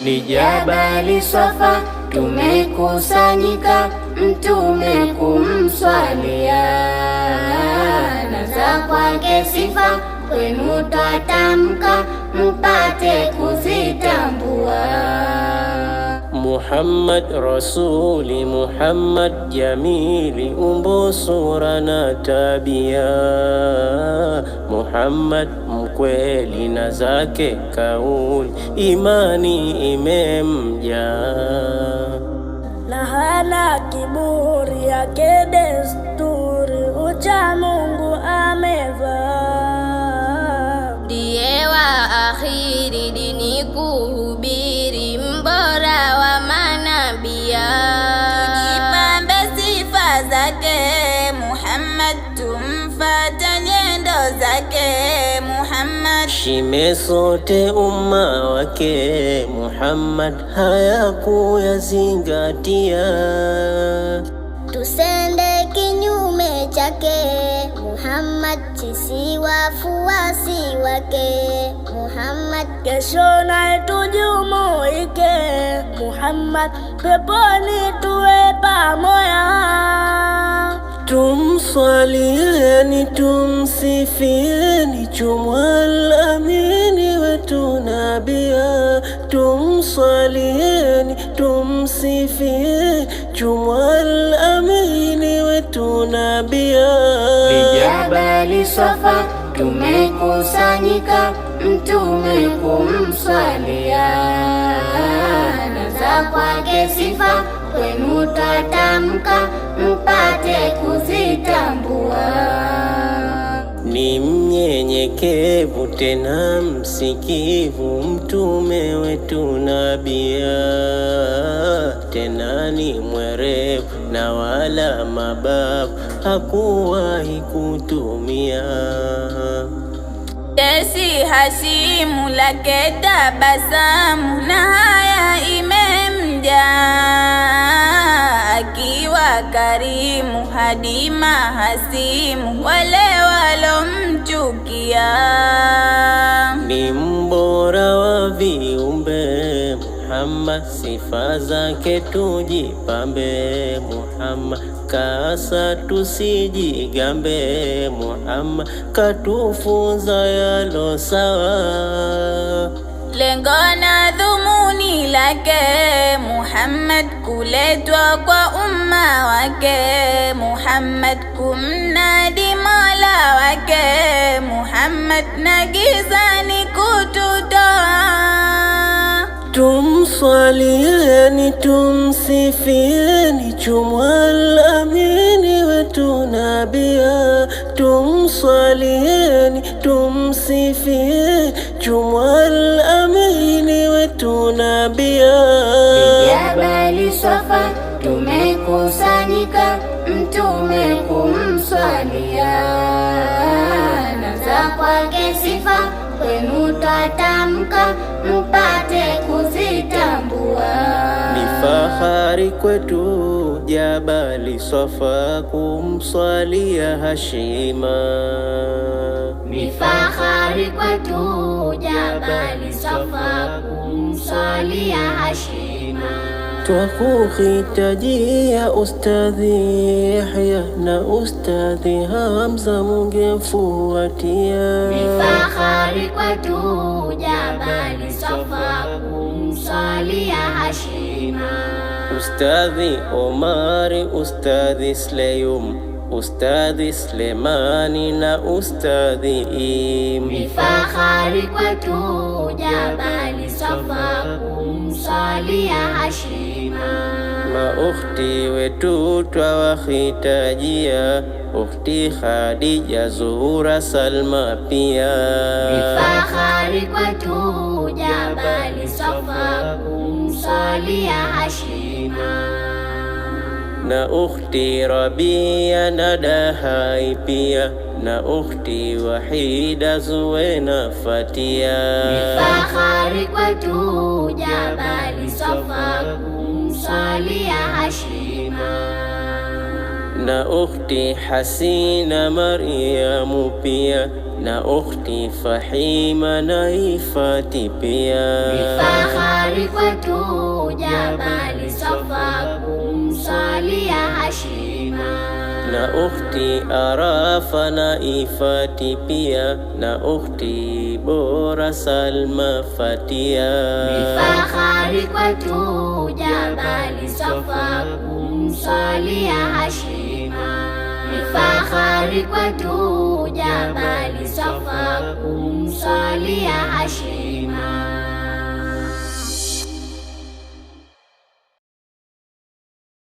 ni Jabali Swafa tumekusanyika, Mtume kumswalia, na za kwake sifa kwenu twatamka, mpate kuzitambua. Muhammad rasuli Muhammad jamili umbo sura na tabia Muhammad mkweli na zake kauli imani imemja lahala kiburi yake desturi uchamu zake Muhammad, tumfata nyendo zake Muhammad, shime sote umma wake Muhammad, haya kuyazingatia tusendeki chake Muhammad sisi wafuasi wake Muhammad kesho na tujumuike Muhammad peponi tuwe pamoja Tumswalieni, tumsifieni, chumwa alamini wetu nabia tumswalieni, tumsifie Juma al-Amini wetu nabia. Lijabali Safa tumekusanyika mtume kumswalia, na za kwake sifa kwenu twatamka mpate kuzitambua mnyenyekevu tena msikivu, mtume wetu nabia tena ni mwerevu na wala mabavu hakuwahi kutumia tesi hasimu lake tabasamu na haya imemja akiwa karimu hadi mahasimu wale walomchuki Muhammad, sifa zake tujipambe Muhammad, kasa tusijigambe Muhammad, katufunza yalo sawa, lengo na dhumuni lake Muhammad, kuletwa kwa umma wake Muhammad, kumnadi mola wake Muhammad, na gizani kututoa Tuswalieni, tumsifieni Jum'al amini wetu nabia. Tumswalieni, tumsifieni Jum'al amini wetu nabia. Jabali Swafa tumekusanyika, mtume kumswalia kutoka kwake sifa kwenu twatamka mpate kuzitambua. Ni fahari kwetu Jabali Swafa kumswalia Hashima, ni fahari kwetu Jabali Swafa kumswalia Hashima. Twakuhitajia ustadhi Yahya na ustadhi Hamza, mungefuatia. Ni fahari kwetu Jabali Safa kumswalia hashima ustadhi Omari, ustadhi Sleyum Ustadhi Slemani na Ustadhi Imi. Ni fahari kwetu Jabali Mustafa kumsalia hashima. Maukti wetu twawahitajia, ukti Khadija, Zuhura, Salma pia. Fahari kwetu jabali Safa kumsalia hashima na ukhti Rabia na Dahai pia na ukhti wahida zuwe na Fatia. Ni fahari kwetu Jabali Safa kumswalia Hashima na ukhti Hasina Mariamu pia na ukhti Fahima na Ifati pia. Ni fahari kwetu Jabali Safa na ukhti Arafa na Ifati pia na ukhti bora Salma Fatia. Ni fahari kwetu Jabali Safa kumswalia Hashima. Ni fahari kwetu Jabali Safa kumswalia Hashima.